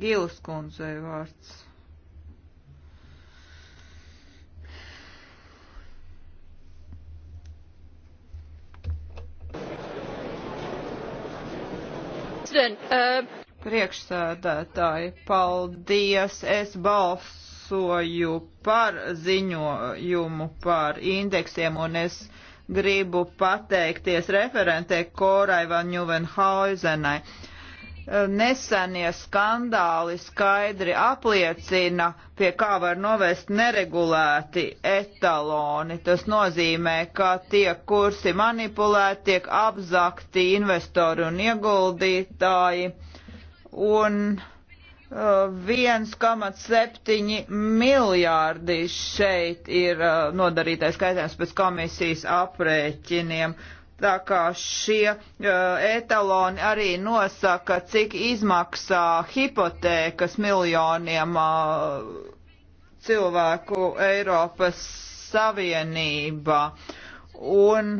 Gilas kundzei vārds. Uh, Priekšsēdētāji, paldies! Es balsoju par ziņojumu par indeksiem un es gribu pateikties referentē Korai Van Juvenhausenai. Uh, nesenie skandāli skaidri apliecina, pie kā var novest neregulēti etaloni. Tas nozīmē, ka tiek kursi manipulēti, tiek apzakti investori un ieguldītāji. Un 1,7 uh, miljārdi šeit ir uh, nodarītais skaitājums pēc komisijas aprēķiniem tā kā šie uh, etaloni arī nosaka, cik izmaksā hipotēkas miljoniem uh, cilvēku Eiropas Savienībā. Un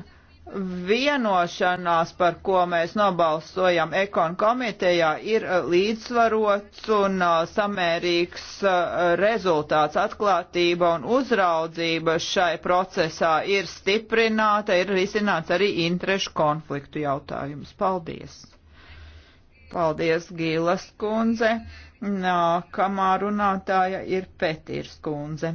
vienošanās, par ko mēs nobalsojam ekon komitejā, ir eh, līdzsvarots un eh, samērīgs eh, rezultāts. Atklātība un uzraudzība šai procesā ir stiprināta, ir risināts arī interešu konfliktu jautājums. Paldies! Paldies, Gīlas kundze! Nākamā runātāja ir Petirs kundze.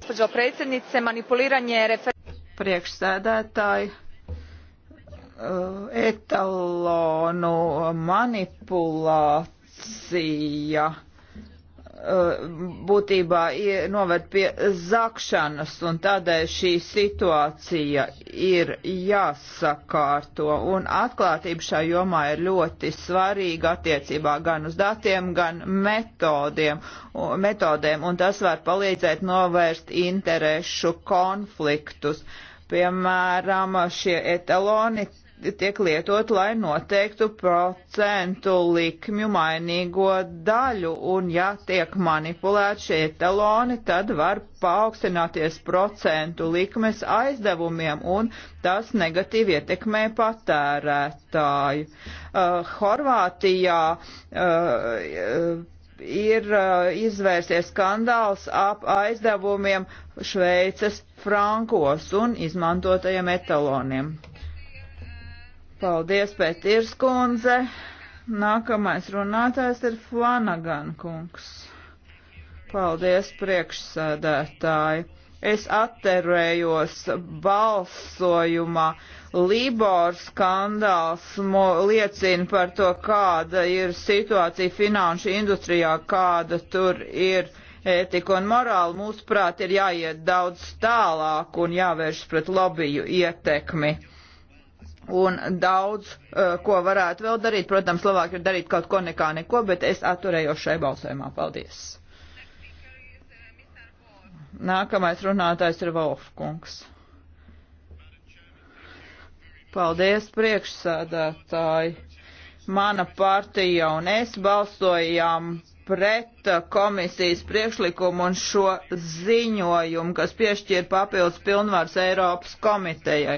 Gospođo predsjednice, manipuliranje referenduma priekšsēdētāji eh, etalonu manipulācija Uh, būtībā noved pie zakšanas, un tādēļ šī situācija ir jāsakārto. Un atklātība šā jomā ir ļoti svarīga attiecībā gan uz datiem, gan metodiem, metodēm, un tas var palīdzēt novērst interešu konfliktus. Piemēram, šie etaloni tiek lietot, lai noteiktu procentu likmju mainīgo daļu, un ja tiek manipulēti šie etaloni, tad var paaugstināties procentu likmes aizdevumiem, un tas negatīvi ietekmē patērētāju. Uh, Horvātijā uh, ir uh, izvērsies skandāls ap aizdevumiem Šveices frankos un izmantotajiem etaloniem. Paldies, Pētīrs kundze. Nākamais runātājs ir Flanagan kungs. Paldies, priekšsēdētāji. Es atterējos balsojumā. Libor skandāls liecina par to, kāda ir situācija finanšu industrijā, kāda tur ir ētika un morāla. Mūsuprāt, ir jāiet daudz tālāk un jāvēršas pret lobiju ietekmi un daudz eh, ko varētu vēl darīt. Protams, labāk ir darīt kaut ko nekā neko, bet es atturējos šai balsojumā. Paldies! Nākamais runātājs ir Volfkungs. Paldies, priekšsādātāji! Mana partija un es balsojām pret komisijas priekšlikumu un šo ziņojumu, kas piešķir papildus pilnvars Eiropas komitejai.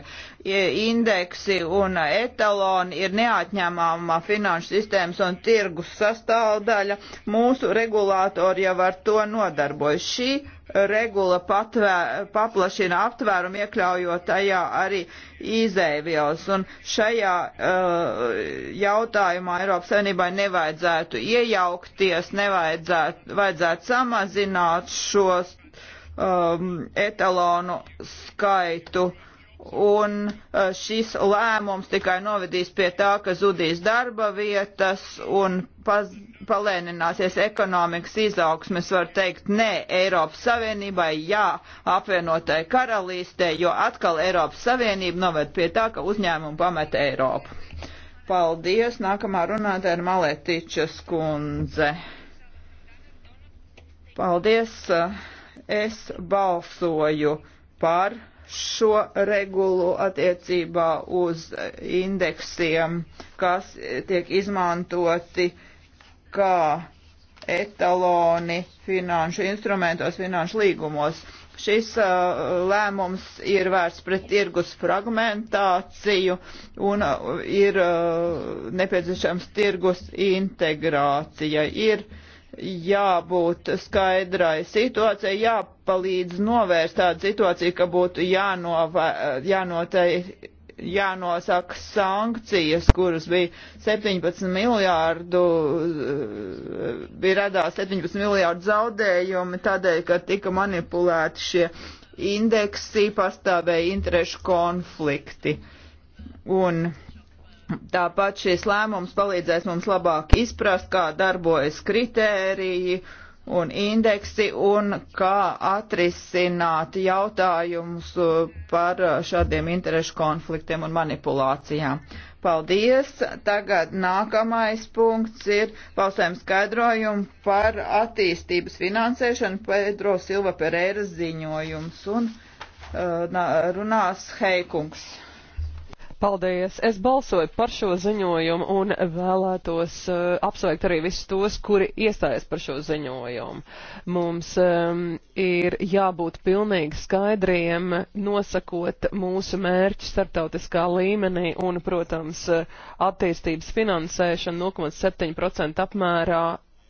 Indeksi un etaloni ir neatņemama finanšu sistēmas un tirgus sastāvdaļa. Mūsu regulātori jau ar to nodarbojas. Šī regula patvē, paplašina aptvērumu, iekļaujot tajā arī izēvielas. Un šajā uh, jautājumā Eiropas Savienībai nevajadzētu iejaukties, nevajadzētu vajadzētu samazināt šos um, etalonu skaitu. Un uh, šis lēmums tikai novedīs pie tā, ka zudīs darba vietas un paz, palēnināsies ekonomikas izaugsmes, var teikt nē Eiropas Savienībai, jā apvienotai karalīstē, jo atkal Eiropas Savienība noved pie tā, ka uzņēmumi pamet Eiropu. Paldies, nākamā runātāja ir Maletičas kundze. Paldies, es balsoju par šo regulu attiecībā uz indeksiem, kas tiek izmantoti uh, kā etaloni finanšu instrumentos, finanšu līgumos. Šis uh, lēmums ir vērts pret tirgus fragmentāciju un uh, ir uh, nepieciešams tirgus integrācija. Ir jābūt skaidrai situācijai, jāpalīdz novērst tādu situāciju, ka būtu jānove, jānotei jānosaka sankcijas, kuras bija 17 miljārdu, eh, bija radās 17 miljārdu zaudējumi tādēļ, ka tika manipulēti šie indeksi, pastāvēja interešu konflikti. Un tāpat šis lēmums palīdzēs mums labāk izprast, kā darbojas kritēriji un indeksi un kā atrisināt jautājumus uh, par uh, šādiem interešu konfliktiem un manipulācijām. Paldies! Tagad nākamais punkts ir pausējums skaidrojumu par attīstības finansēšanu Pedro Silva Pereiras ziņojums un uh, runās Heikungs. Paldies! Es balsoju par šo ziņojumu un vēlētos uh, apsveikt arī visus tos, kuri iestājas par šo ziņojumu. Mums um, ir jābūt pilnīgi skaidriem, nosakot mūsu mērķu starptautiskā līmenī un, protams, attīstības finansēšana 0,7% apmērā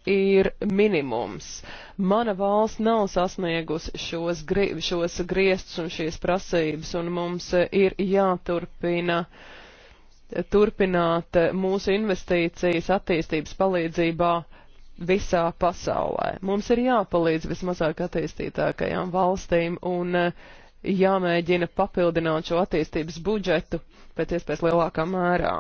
ir minimums. Mana valsts nav sasniegusi šos, gri, šos griestus un šīs prasības, un mums ir jāturpina turpināt mūsu investīcijas attīstības palīdzībā visā pasaulē. Mums ir jāpalīdz vismazāk attīstītākajām valstīm, un uh, jāmēģina papildināt šo attīstības budžetu pēc iespējas lielākā mērā.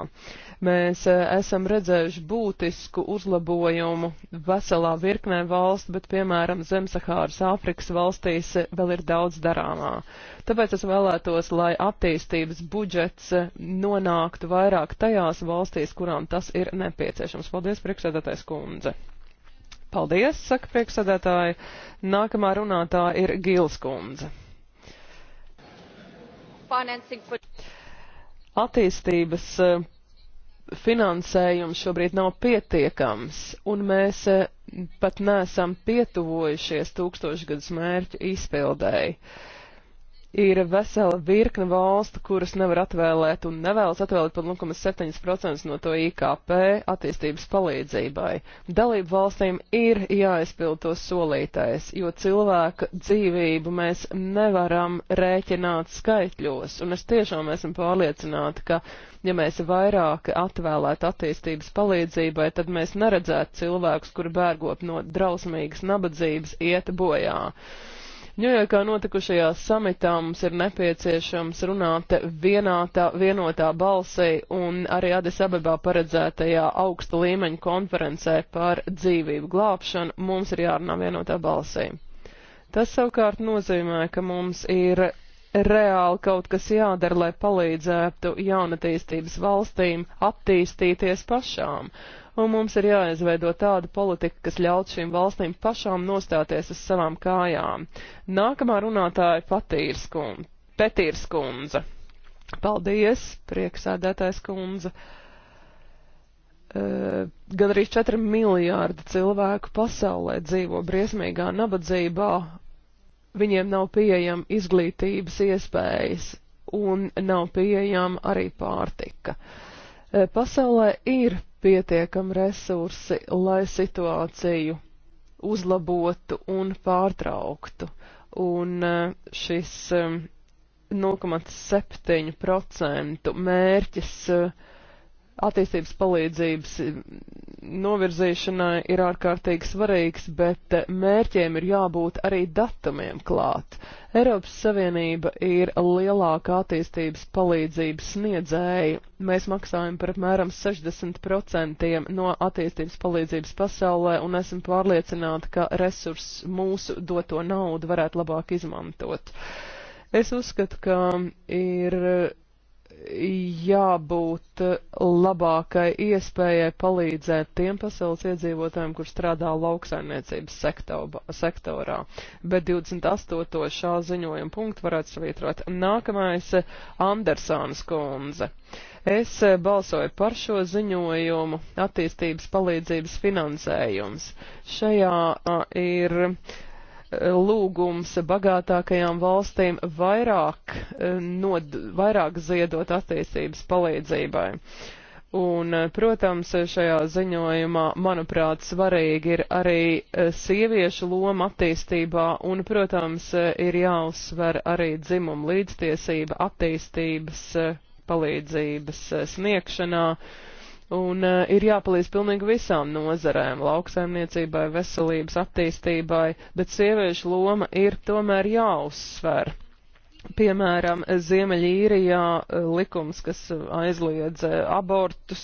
Mēs e, esam redzējuši būtisku uzlabojumu veselā virknē valstu, bet, piemēram, Zemsahāras Āfrikas valstīs vēl ir daudz darāmā. Tāpēc es vēlētos, lai attīstības budžets nonāktu vairāk tajās valstīs, kurām tas ir nepieciešams. Paldies, priekšsēdētājs kundze! Paldies, saka priekšsēdētāji. Nākamā runātā ir Gils kundze. Attīstības eh, finansējums šobrīd nav pietiekams, un mēs eh, pat neesam pietuvojušies tūkstošgadus mērķu izpildēji ir vesela virkne valstu, kuras nevar atvēlēt un nevēlas atvēlēt pat 0,7% no to IKP attīstības palīdzībai. Dalību valstīm ir jāizpild to solītais, jo cilvēka dzīvību mēs nevaram rēķināt skaitļos, un es tiešām esmu pārliecināta, ka ja mēs vairāk atvēlētu attīstības palīdzībai, tad mēs neredzētu cilvēkus, kuri bērgot no drausmīgas nabadzības iet bojā. Ņujorkā notikušajā samitā mums ir nepieciešams runāt vienātā, vienotā balsī un arī Adisabebā paredzētajā augsta līmeņa konferencē par dzīvību glābšanu mums ir jārunā vienotā balsī. Tas savukārt nozīmē, ka mums ir reāli kaut kas jādara, lai palīdzētu jaunatīstības valstīm attīstīties pašām. Uh, un mums ir jāizveido tāda politika, kas ļaut šīm valstīm pašām nostāties uz savām kājām. Nākamā runātāja Patīrs kundze. Petīrs kundze. Paldies, prieksēdētājs kundze. Uh, Gan arī 4 miljārdi cilvēku pasaulē dzīvo briesmīgā nabadzībā, viņiem nav pieejama izglītības iespējas un nav pieejama arī pārtika. Uh, pasaulē ir pietiekami resursi, lai situāciju uzlabotu un pārtrauktu. Un eh, šis 0,7% eh, mērķis uh, attīstības palīdzības novirzīšanai ir ārkārtīgi svarīgs, bet mērķiem ir jābūt arī datumiem klāt. Eiropas Savienība ir lielāka attīstības palīdzības sniedzēja. Mēs maksājam par apmēram 60% no attīstības palīdzības pasaulē un esam pārliecināti, ka resursus mūsu doto naudu varētu labāk izmantot. Es uzskatu, ka ir jābūt labākai iespējai palīdzēt tiem pasaules iedzīvotājiem, kur strādā lauksaimniecības sektorā. Bet 28. šā ziņojuma punktu varētu savietrot. Nākamais - Andersānas kundze. Es balsoju par šo ziņojumu attīstības palīdzības finansējums. Šajā ir lūgums bagātākajām valstīm vairāk, eh, nod, vairāk ziedot attīstības palīdzībai. Un, eh, protams, šajā ziņojumā, manuprāt, svarīgi ir arī eh, sieviešu loma attīstībā, un, protams, ir jāuzsver arī dzimuma līdztiesība attīstības palīdzības sniegšanā. Uh, Un uh, ir jāpalīdz pilnīgi visām nozarēm - lauksaimniecībai, veselības attīstībai, bet sieviešu loma ir tomēr jāuzsver. Piemēram, Ziemeļīrijā eh, likums, kas aizliedz eh, abortus,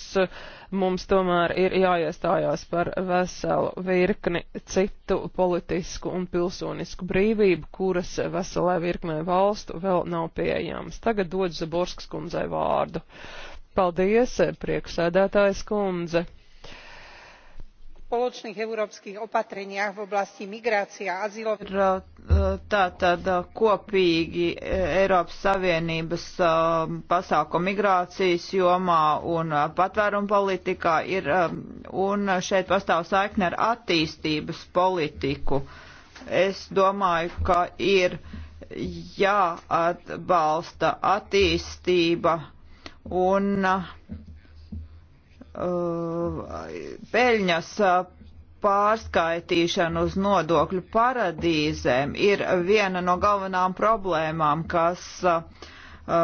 mums tomēr ir jāiestājās par veselu virkni citu politisku un pilsonisku brīvību, kuras veselē virknē valstu vēl nav pieejams. Tagad dod Zaborskas kundzei vārdu. Uh, Paldies, prieksēdētājs kundze. Spoločných európskych opatreniach v oblasti migrácia a azylov. Tātad kopīgi Eiropas Savienības pasākumu migrācijas jomā un patvērumu politikā ir, un šeit pastāv saikne ar attīstības politiku. Es domāju, ka ir jāatbalsta attīstība un uh, peļņas uh, pārskaitīšana uz nodokļu paradīzēm ir viena no galvenām problēmām, kas uh, uh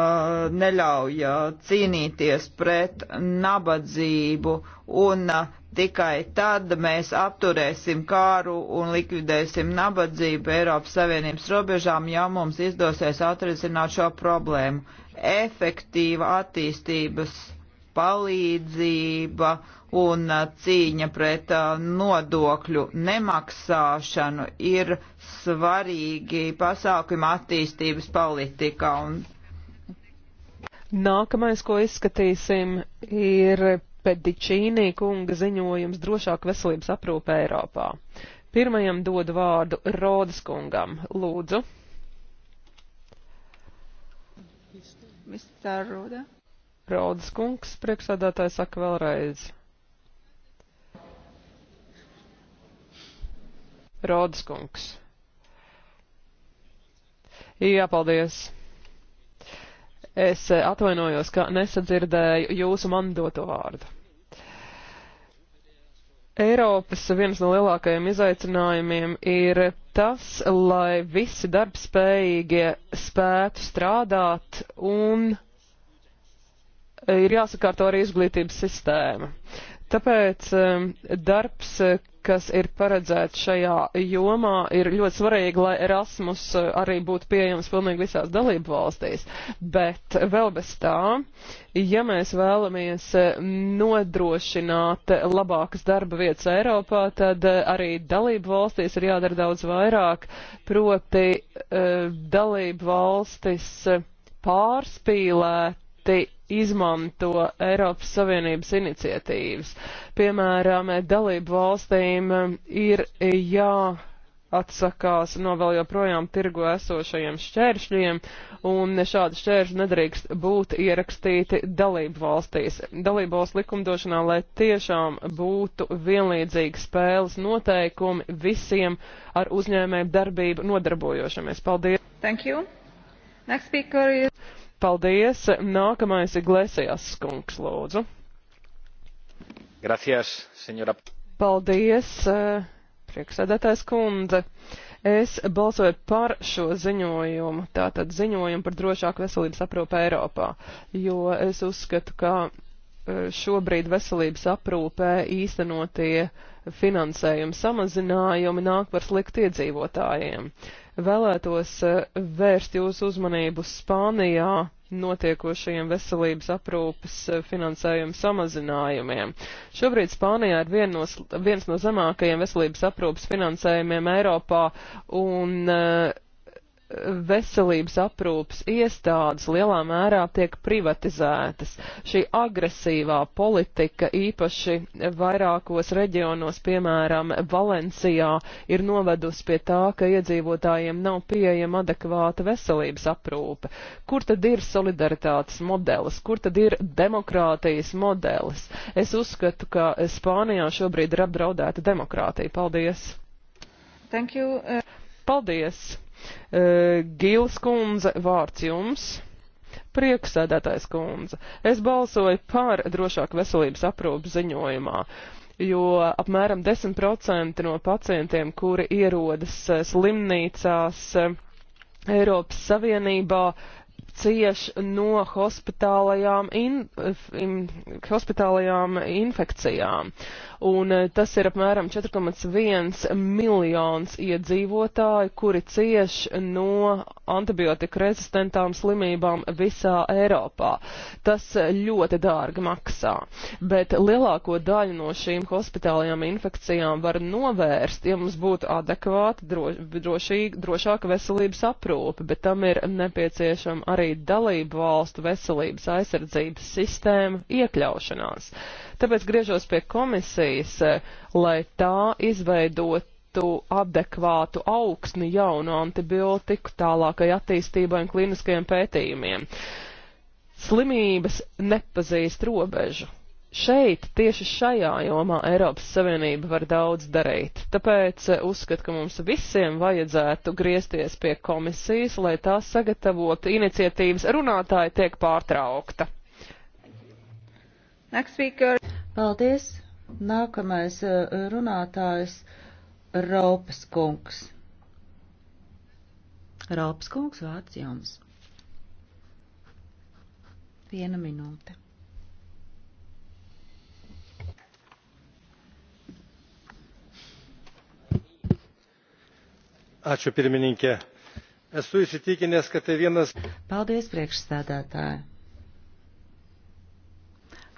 neļauj uh, cīnīties pret nabadzību un uh, tikai tad mēs apturēsim kāru un likvidēsim nabadzību Eiropas Savienības robežām, ja mums izdosies atrisināt šo problēmu efektīva attīstības palīdzība un cīņa pret nodokļu nemaksāšanu ir svarīgi pasākumi attīstības politikā. Un... Nākamais, ko izskatīsim, ir Pedičīnī kunga ziņojums drošāk veselības aprūpe Eiropā. Pirmajam dodu vārdu Rodas kungam. Lūdzu. Mr. Roda. Rodas kungs, priekšsādātāji saka vēlreiz. Rodas kungs. Jā, paldies. Es atvainojos, ka nesadzirdēju jūsu man doto vārdu. Eiropas viens no lielākajiem izaicinājumiem ir tas, lai visi darbspējīgie spētu strādāt un ir jāsakārto arī izglītības sistēma. Tāpēc um, darbs, kas ir paredzēts šajā jomā, ir ļoti svarīgi, lai Erasmus uh, arī būtu pieejams pilnīgi visās dalību valstīs. Bet vēl bez tā, ja mēs vēlamies uh, nodrošināt labākas darba vietas Eiropā, tad uh, arī dalību valstīs ir jādara daudz vairāk, proti dalību valstis pārspīlēti izmanto Eiropas Savienības iniciatīvas. Piemēram, dalību valstīm um, ir jāatsakās no vēl joprojām tirgu esošajiem šķēršļiem, un šādi šķēršļi nedrīkst būt ierakstīti dalību valstīs. Dalību valsts likumdošanā, lai tiešām būtu vienlīdzīgi spēles noteikumi visiem ar uzņēmēju darbību nodarbojošamies. Paldies! Thank you. Next speaker is... Paldies! Nākamais ir Glesijas skunks, lūdzu. Gracias, senora. Paldies, eh, priekšsēdētājs kundze. Es balsoju par šo ziņojumu, tātad ziņojumu par drošāku veselības aprūpu Eiropā, jo es uzskatu, ka eh, šobrīd veselības aprūpē īstenotie uh, finansējuma samazinājumi nāk par sliktu iedzīvotājiem. Vēlētos eh, vērst jūsu uzmanību Spānijā notiekošajiem veselības aprūpes eh, finansējuma samazinājumiem. Šobrīd Spānijā ir vien no, viens no zemākajiem veselības aprūpes finansējumiem Eiropā, un uh, veselības aprūpas iestādes lielā mērā tiek privatizētas. Šī agresīvā politika īpaši vairākos reģionos, piemēram, Valencijā, ir novedusi pie tā, ka iedzīvotājiem nav pieejama adekvāta veselības aprūpe. Kur tad ir solidaritātes modelis? Kur tad ir demokrātijas modelis? Es uzskatu, ka Spānijā šobrīd ir apdraudēta demokrātija. Paldies! Thank you. Uh... Paldies! Gils kundze, vārds jums. Prieksēdētājs kundze, es balsoju par drošāku veselības aprūpu ziņojumā jo apmēram 10% no pacientiem, kuri ierodas slimnīcās Eiropas Savienībā, cieš no hospitālajām, in, in, hospitālajām infekcijām un eh, tas ir apmēram 4,1 miljons iedzīvotāju, kuri cieš no antibiotika rezistentām slimībām visā Eiropā. Tas eh, ļoti dārgi maksā, bet lielāko daļu no šīm hospitālajām infekcijām var novērst, ja mums būtu adekvāta, drošīga, drošāka veselības aprūpe, bet tam ir nepieciešama arī dalību valstu veselības aizsardzības sistēma iekļaušanās. Tāpēc griežos pie komisijas, e, lai tā izveidot adekvātu augsni jaunu antibiotiku tālākai attīstībai un kliniskajiem pētījumiem. Slimības nepazīst robežu. Šeit, tieši šajā jomā, Eiropas Savienība var daudz darīt. Tāpēc e, uzskatu, ka mums visiem vajadzētu griezties pie komisijas, lai tā sagatavotu iniciatīvas runātāji tiek pārtraukta. Paldies! Nākamais eh, runātājs Raupas kungs. Raupas kungs, vārds jums. Viena minūte. Ačiū pirmininkė. Esu įsitikinęs, kad tai vienas. Paldies priekšstādātāji.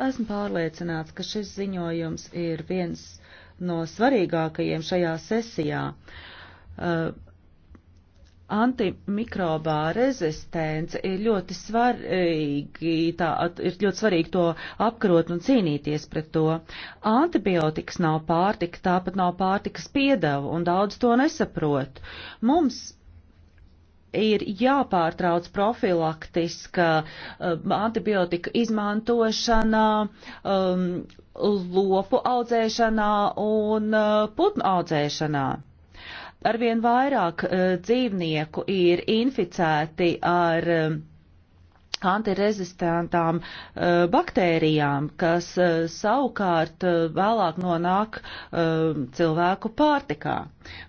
Esmu pārliecināts, ka šis ziņojums ir viens no svarīgākajiem šajā sesijā. Uh, antimikrobā rezistence ir ļoti svarīgi, tā, ir ļoti svarīgi to apkarot un cīnīties pret to. Antibiotikas nav pārtika, tāpat nav pārtikas piedeva, un daudz to nesaprot. Mums ir jāpārtrauc profilaktiska um, antibiotika izmantošana um, lopu audzēšanā un uh, putnu audzēšanā. Arvien vairāk uh, dzīvnieku ir inficēti ar um, antirezistentām uh, eh, baktērijām, kas uh, savukārt uh, vēlāk nonāk cilvēku pārtikā.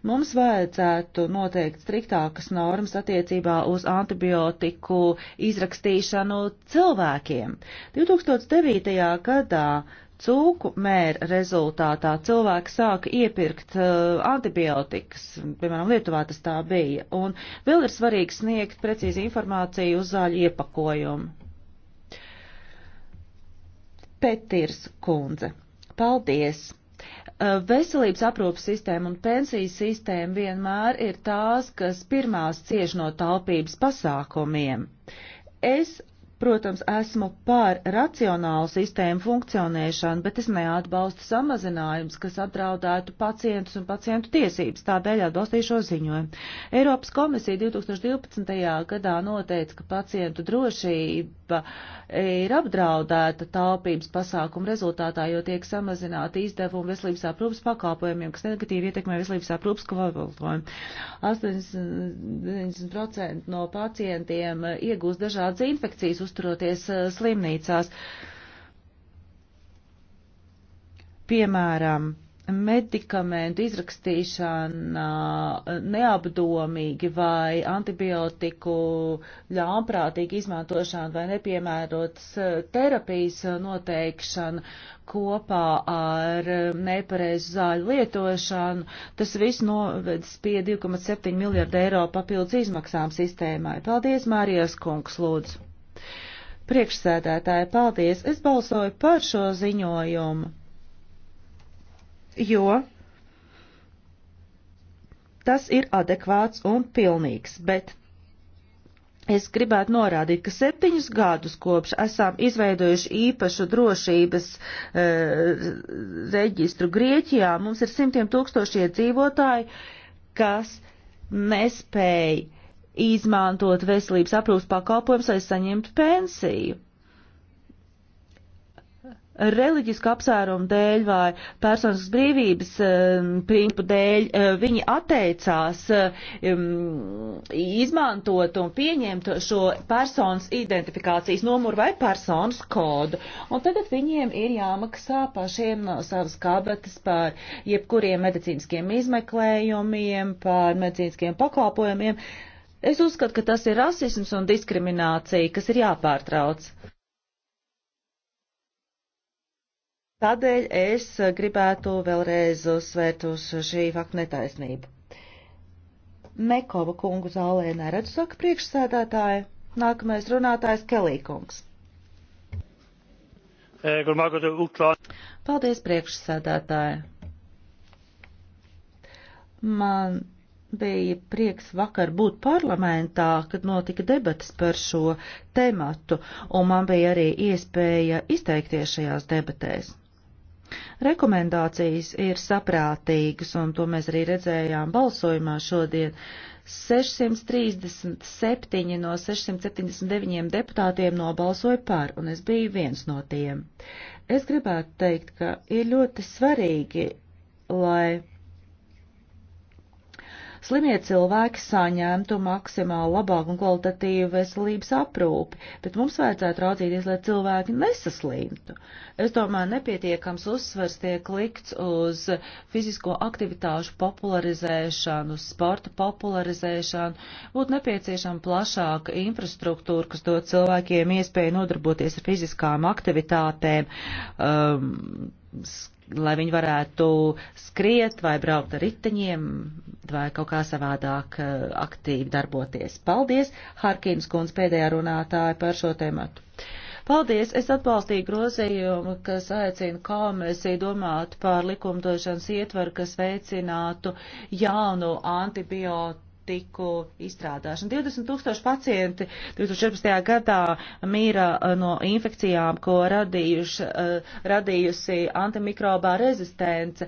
Mums vajadzētu noteikt striktākas normas attiecībā uz antibiotiku izrakstīšanu cilvēkiem. 2009. gadā cūku mēra rezultātā cilvēki sāka iepirkt uh, antibiotikas, piemēram, Lietuvā tas tā bija, un vēl ir svarīgi sniegt precīzi informāciju uz zāļu iepakojumu. Petirs kundze, paldies! Uh, veselības aprūpas sistēma un pensijas sistēma vienmēr ir tās, kas pirmās cieš no taupības pasākumiem. Es Protams, esmu pār racionālu sistēmu funkcionēšanu, bet es neatbalstu samazinājums, kas apdraudētu pacientus un pacientu tiesības, tādēļ atbalstīšo ziņojumu. Eiropas komisija 2012. gadā noteica, ka pacientu drošība ir apdraudēta taupības pasākumu rezultātā, jo tiek samazināti izdevumi veselības aprūpas pakalpojumiem, kas negatīvi ietekmē veselības aprūpas kvalitāti. 80% no pacientiem iegūst dažādas infekcijas uzturoties eh, slimnīcās. Piemēram, medikamentu izrakstīšana eh, neapdomīgi vai antibiotiku ļaunprātīgi izmantošana vai nepiemērotas eh, terapijas noteikšana kopā ar nepareizu zāļu lietošanu, tas viss novedis pie 2,7 miljardu eiro papildus izmaksām sistēmai. Paldies, Mārijas kungs, lūdzu! Priekšsēdētāji, paldies! Es balsoju par šo ziņojumu, jo tas ir adekvāts un pilnīgs, bet es gribētu norādīt, ka septiņus gadus kopš esam izveidojuši īpašu drošības e, reģistru Grieķijā, mums ir simtiem tūkstošie dzīvotāji, kas nespēja izmantot veselības aprūpas pakalpojumus, lai saņemtu pensiju. Reliģisku apsvērumu dēļ vai personas brīvības um, principu dēļ uh, viņi atteicās uh, um, izmantot un pieņemt šo personas identifikācijas numuru vai personas kodu. Un tagad viņiem ir jāmaksā pašiem no savas kabatas par jebkuriem medicīniskiem izmeklējumiem, par medicīniskiem pakalpojumiem. Uh, Es uzskatu, ka tas ir rasisms un diskriminācija, kas ir jāpārtrauc. Tādēļ es gribētu vēlreiz uzsvērt uz šī fakta netaisnību. Mekova kungu zālē neredzu, saka priekšsēdētāja. Nākamais runātājs Kelīkungs. Eh, Paldies, priekšsēdētāja. Man bija prieks vakar būt parlamentā, kad notika debatas par šo tematu, un man bija arī iespēja izteikties šajās debatēs. Rekomendācijas ir saprātīgas, un to mēs arī redzējām balsojumā šodien. 637 no 679 deputātiem nobalsoja par, un es biju viens no tiem. Es gribētu teikt, ka ir ļoti svarīgi, lai slimie cilvēki saņemtu maksimāli labāku un kvalitatīvu veselības aprūpi, bet mums vajadzētu raudzīties, lai cilvēki nesaslimtu. Es domāju, nepietiekams uzsvers tiek likts uz fizisko aktivitāšu popularizēšanu, uz sporta popularizēšanu. Būtu nepieciešama plašāka infrastruktūra, kas dod cilvēkiem iespēju nodarboties ar fiziskām aktivitātēm. Um, lai viņi varētu skriet vai braukt ar riteņiem vai kaut kā savādāk eh, aktīvi darboties. Paldies, Harkīns kundz pēdējā runātāja par šo tematu. Paldies! Es atbalstīju grozījumu, kas aicina komisiju domāt par likumdošanas ietvaru, kas veicinātu jaunu antibiotiku politiku izstrādāšanu. 20 tūkstoši pacienti 2014. gadā mīra eh, no infekcijām, ko radījuši, eh, radījusi antimikrobā rezistence.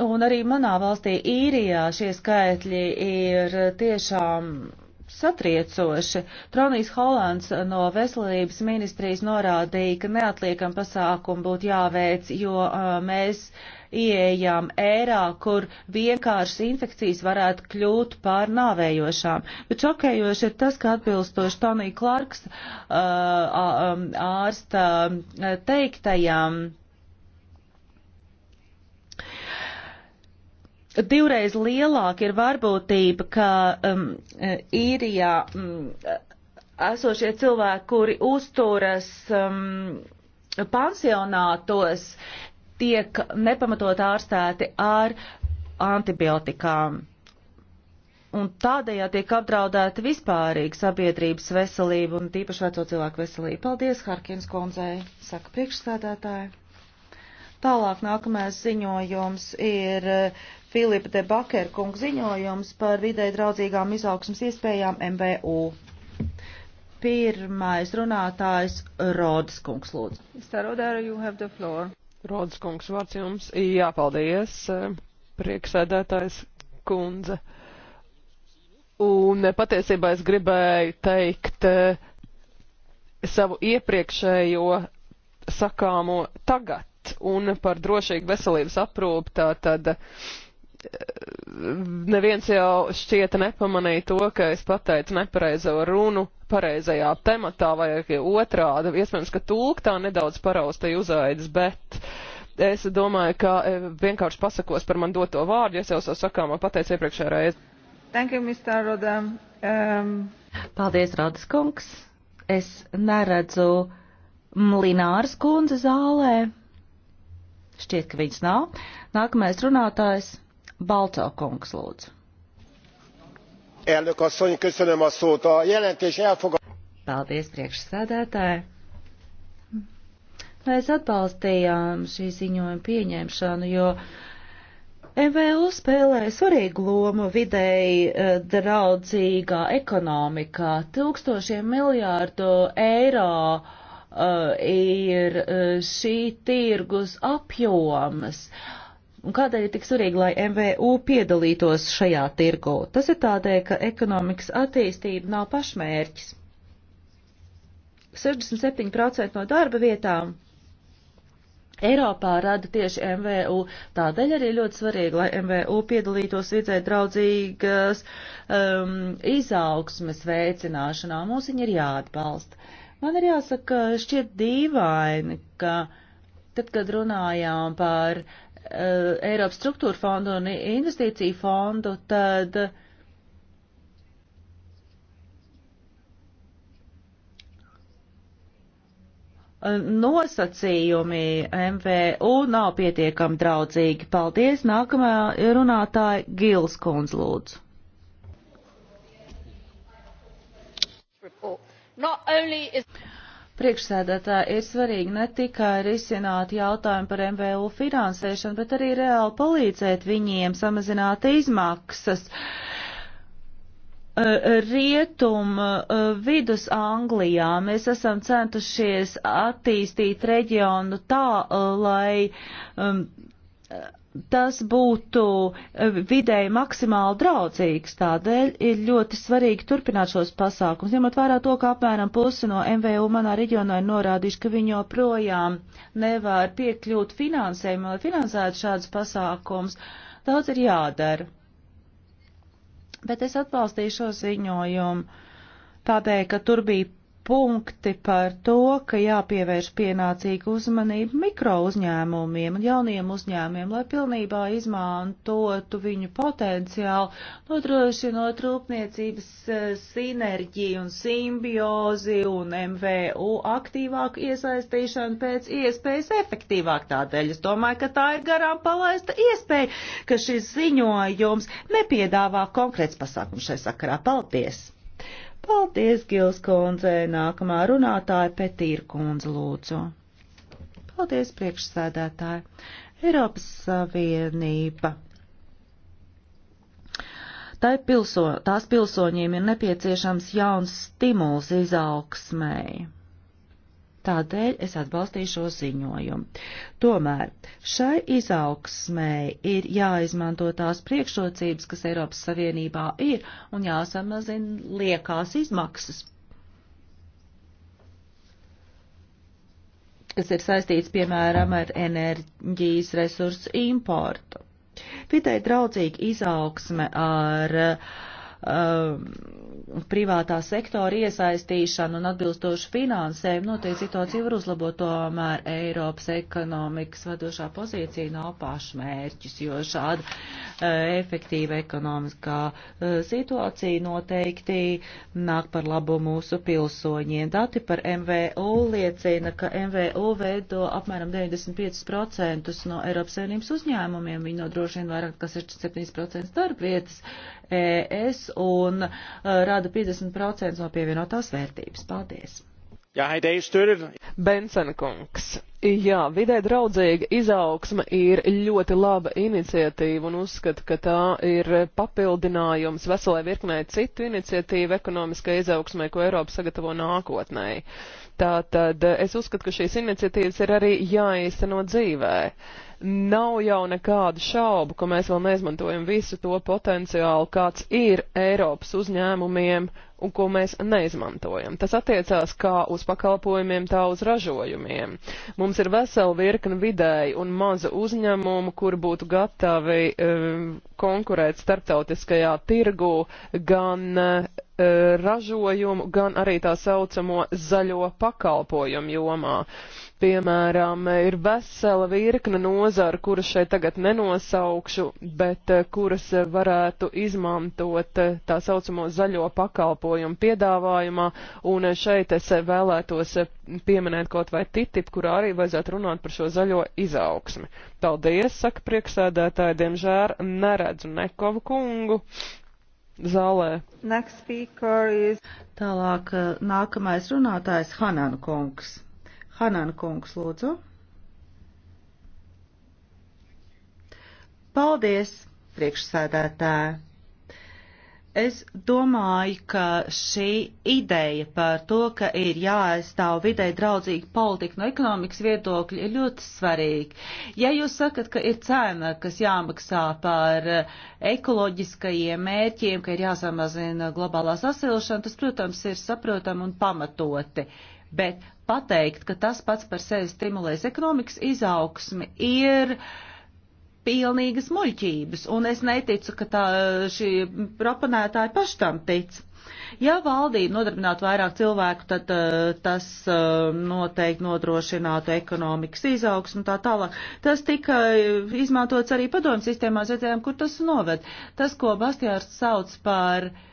Un arī manā valstī īrijā šie skaitļi ir tiešām satriecoši. Tronijs Hollands no veselības ministrijas norādīja, ka neatliekam pasākumu būtu jāveic, jo uh, mēs uh, ieejām ērā, kur vienkāršas infekcijas varētu kļūt par nāvējošām. Bet šokējoši ir tas, ka atbilstoši Tonija Klarks uh, um, ārsta uh, teiktajām. Divreiz lielāka ir varbūtība, ka um, īrijā um, esošie cilvēki, kuri uzturas um, pansionātos, tiek nepamatot ārstēti ar antibiotikām. Un tādējādi tiek apdraudēta vispārīga sabiedrības veselība un tīpaši veco cilvēku veselība. Paldies, Harkins kundzei, saka priekšstādātāji. Tālāk nākamais ziņojums ir eh, Filipa de Bakerkunga ziņojums par videi draudzīgām izaugsmas iespējām MVU. Pirmais runātājs Rodas kungs lūdzu. Mr. Rodara, you have the floor. Rodas kungs, vārds jums. Jā, paldies, e, prieksēdētājs kundze. Un e, patiesībā es gribēju teikt e, savu iepriekšējo sakāmo tagad un par drošīgu veselības aprūpu. Tātad neviens jau šķieta nepamanīja to, ka es pateicu nepareizo runu pareizajā tematā vai otrādi. Iespējams, ka tulk tā nedaudz paraustai uzaidas, bet es domāju, ka e, vienkārši pasakos par man doto vārdu, ja es jau savu sakāmā pateicu iepriekšējā reizē. Thank you, Mr. Roda. Um... Paldies, Rodas kungs. Es neredzu Mlināras kundze zālē. Šķiet, ka viņas nav. Nākamais runātājs Balco kungs lūdzu elnök asszony köszönöm a szót a jelentés elfogadása. paldies priekšsēdētāji mēs atbalstījām šī ziņojuma pieņemšanu jo MVU spēlē svarīgu lomu vidēji e, draudzīgā ekonomikā. Tūkstošiem miljārdu eiro uh, ir e, šī tirgus apjoms. Uh, Un kādēļ ir tik svarīgi, lai MVU piedalītos šajā tirgu? Tas ir tādēļ, ka ekonomikas attīstība nav pašmērķis. 67% no darba vietām Eiropā rada tieši MVU. Tādēļ arī ļoti svarīgi, lai MVU piedalītos vidē draudzīgas um, izaugsmes veicināšanā. Mums viņi ir jāatbalsta. Man ir jāsaka, šķiet dīvaini, ka tad, kad runājām par uh, Eh, Eiropas struktūra fondu un investīciju fondu, tad eh, nosacījumi MVU nav pietiekami draudzīgi. Paldies. Nākamā runātāja Gils Kunz lūdzu. Not only is priekšsēdētāji, ir svarīgi ne tikai risināt jautājumu par MVU finansēšanu, bet arī reāli palīdzēt viņiem samazināt izmaksas. Eh, rietum eh, vidus Anglijā mēs esam centušies attīstīt reģionu tā, eh, lai um, tas būtu e, vidēji maksimāli draudzīgs. Tādēļ ir ļoti svarīgi turpināt šos pasākums, ņemot vērā to, ka apmēram pusi no MVU manā reģionā ir norādījuši, ka viņi joprojām nevar piekļūt finansējumu, lai finansētu šādus pasākums. Daudz ir jādara. Bet es atbalstīšu šo ziņojumu tādēļ, ka tur bija punkti par to, ka jāpievērš pienācīga uzmanība mikro uzņēmumiem un jauniem uzņēmumiem, lai pilnībā izmantotu viņu potenciālu, nodrošinot rūpniecības eh, sinerģiju un simbiozi un MVU aktīvāku iesaistīšanu pēc iespējas efektīvāk. Tādēļ es domāju, ka tā ir garām palaista iespēja, ka šis ziņojums nepiedāvā konkrēts pasākums šai sakarā. Paldies! Paldies, Gils kundze, nākamā runātāja Petīra kundze lūdzu. Paldies, priekšsēdētāji. Eiropas Savienība. Tā pilso, tās pilsoņiem ir nepieciešams jauns stimuls izaugsmēji. Tādēļ es atbalstīju šo ziņojumu. Tomēr šai izaugsmēji ir jāizmanto tās priekšrocības, kas Eiropas Savienībā ir, un jāsamazina liekās izmaksas. kas ir saistīts, piemēram, ar enerģijas resursu importu. Vidē draudzīga izaugsme ar uh, Um, privātā sektora iesaistīšanu un atbilstošu finansējumu, noteikti nu, situācija var uzlabot, tomēr Eiropas ekonomikas vadošā pozīcija nav pašmērķis, jo šāda uh, efektīva ekonomiskā uh, situācija noteikti nāk par labu mūsu pilsoņiem. Dati par MVU liecina, ka MVU veido apmēram 95% no Eiropas Savienības uzņēmumiem, viņi nodrošina vairāk kā 67% darbvietas ES un uh, rada 50% no pievienotās vērtības. Paldies! Ja, Bensena kungs. Jā, vidē draudzīga izaugsma ir ļoti laba iniciatīva un uzskatu, ka tā ir papildinājums veselai virknē citu iniciatīvu ekonomiskai izaugsmai, ko Eiropa sagatavo nākotnē. Tātad eh, es uzskatu, ka šīs iniciatīvas ir arī jāīsteno dzīvē. Nav jau nekādu šaubu, ka mēs vēl neizmantojam visu to potenciālu, kāds ir Eiropas uzņēmumiem un ko mēs neizmantojam. Tas attiecās kā uz pakalpojumiem, tā uz ražojumiem. Mums ir vesela virkne vidēji un maza uzņēmumu, kur būtu gatavi um, konkurēt starptautiskajā tirgu gan uh, ražojumu, gan arī tā saucamo zaļo pakalpojumu jomā. Uh, Piemēram, ir vesela virkne nozara, kuras šeit tagad nenosaukšu, bet eh, kuras varētu izmantot eh, tā saucamo zaļo pakalpojumu piedāvājumā, un eh, šeit es vēlētos pieminēt kaut vai TTIP, kurā arī vajadzētu runāt par šo zaļo izaugsmi. Paldies, saka prieksēdētāji, diemžēr neredzu Nekovu kungu zālē. Is... Tālāk nākamais runātājs Hanan kungs. Hanan kungs, lūdzu. Paldies, priekšsēdētāji! Es domāju, ka šī ideja par to, ka ir jāaizstāv videi draudzīga politika no ekonomikas viedokļa, ir ļoti svarīga. Ja jūs sakat, ka ir cena, kas jāmaksā par ekoloģiskajiem mērķiem, ka ir jāsamazina globālā sasilšana, tas, protams, ir saprotami un pamatoti. Uh, bet pateikt, ka tas pats par sevi stimulēs ekonomikas izaugsmi, ir pilnīgas muļķības, un es neticu, ka tā šī proponētāja paši tam tic. Ja valdība nodarbinātu vairāk cilvēku, tad uh, tas uh, noteikti nodrošinātu ekonomikas izaugsmu un tā tālāk. Tas tika izmantots arī padomu sistēmās, redzējām, kur tas noved. Tas, ko Bastiārs sauc par uh,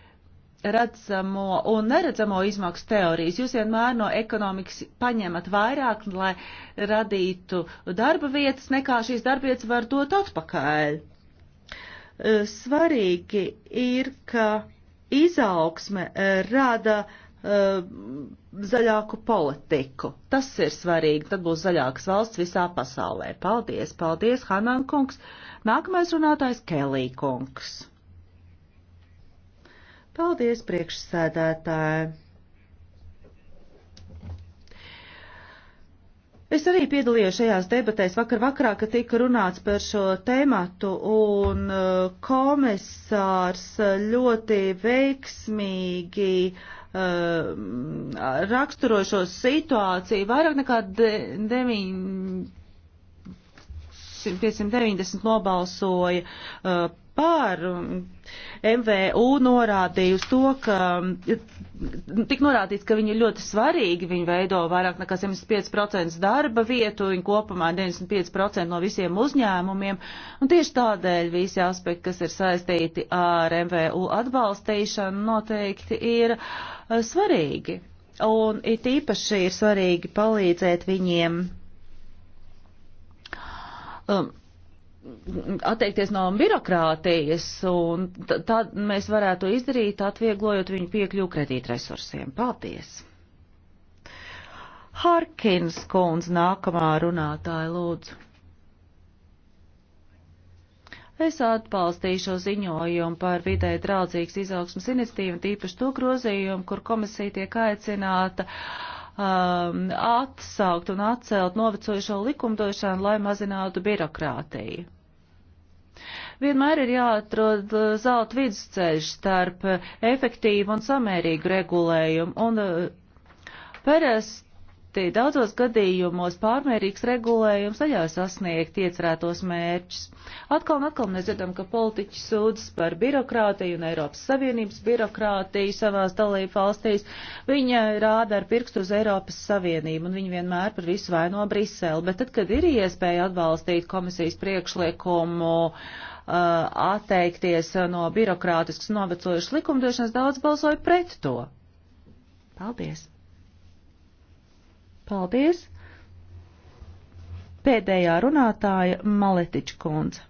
redzamo un neredzamo izmaksu teorijas. Jūs vienmēr no ekonomikas paņemat vairāk, lai radītu darba vietas, nekā šīs darba vietas var dot atpakaļ. E, svarīgi ir, ka izaugsme rada e, zaļāku politiku. Tas ir svarīgi, tad būs zaļākas valsts visā pasaulē. Paldies, paldies, Hanan kungs. Nākamais runātājs Kelī kungs. Paldies, priekšsēdētāji! Es arī piedalījos šajās debatēs vakar vakarā, kad tika runāts par šo tēmatu, un uh, komisārs uh, ļoti veiksmīgi uh, raksturo šo situāciju. Vairāk nekā 990 nobalsoja uh, par MVU um, norādīja uz to, ka um, tik norādīts, ka viņi ir ļoti svarīgi, viņi veido vairāk nekā 75% darba vietu, viņi kopumā 95% no visiem uzņēmumiem, un tieši tādēļ visi aspekti, kas ir saistīti ar MVU atbalstīšanu, noteikti ir uh, svarīgi. Un it īpaši ir svarīgi palīdzēt viņiem um, atteikties no birokrātijas, un tad mēs varētu izdarīt, atvieglojot viņu piekļuvu kredītresursiem. Paldies! Harkins kundz nākamā runātāja lūdzu. Es atbalstīšu ziņojumu par vidē draudzīgas izaugsmas iniciatīvu, tīpaši to grozījumu, kur komisija tiek aicināta um, atsaukt un atcelt novecojušo likumdošanu, lai mazinātu birokrātiju. Vienmēr ir jāatrod uh, zelta vidusceļš starp uh, efektīvu un samērīgu regulējumu. Un uh, parasti daudzos gadījumos pārmērīgs regulējums neļauj sasniegt iecerētos mērķus. Atkal un atkal mēs dzirdam, ka politiķi sūdzas par birokrātiju un Eiropas Savienības birokrātiju savās dalību valstīs. Viņa rāda ar pirkstu uz Eiropas Savienību un viņa vienmēr par visu vaino Briseli. Bet tad, kad ir iespēja atbalstīt komisijas priekšliekumu, uh, Uh, atteikties no birokrātiskas novecojušas likumdošanas, daudz balsoja pret to. Paldies! Paldies! Pēdējā runātāja Maletiča kundze.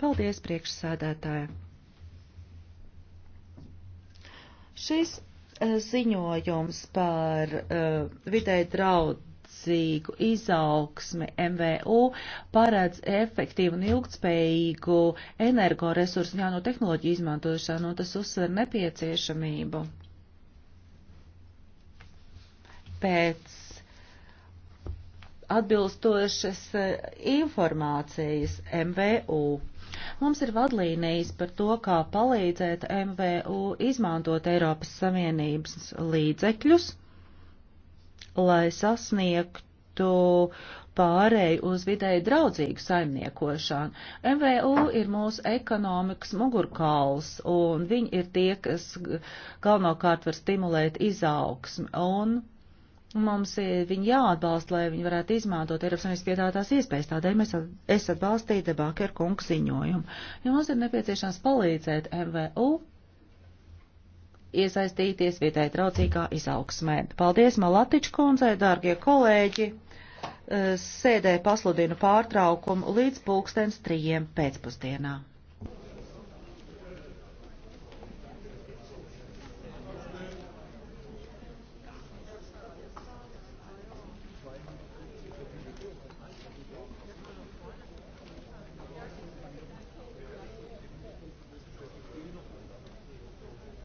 Paldies, priekšsēdētāja! Šis eh, ziņojums par uh, vidē draud, vajadzīgu izaugsmi MVU, paredz efektīvu un ilgtspējīgu energoresursu un jauno tehnoloģiju izmantošanu, un tas uzsver nepieciešamību. Pēc atbilstošas e, informācijas MVU. Mums ir vadlīnijas par to, kā palīdzēt MVU izmantot Eiropas Savienības līdzekļus lai sasniegtu pārēju uz vidēji draudzīgu saimniekošanu. MVU ir mūsu ekonomikas mugurkauls, un viņi ir tie, kas galvenokārt var stimulēt izaugsmi. Un mums viņi jāatbalsta, lai viņi varētu izmantot Eiropas Savienības piedātās iespējas. Tādēļ mēs, es atbalstīju debākeru kungu ziņojumu. Jums ir nepieciešams palīdzēt MVU iesaistīties vietai traucīgā izaugsmē. Paldies Malatiču kundzei, dārgie kolēģi! Eh, sēdē pasludinu pārtraukumu līdz pulkstens trījiem pēcpusdienā.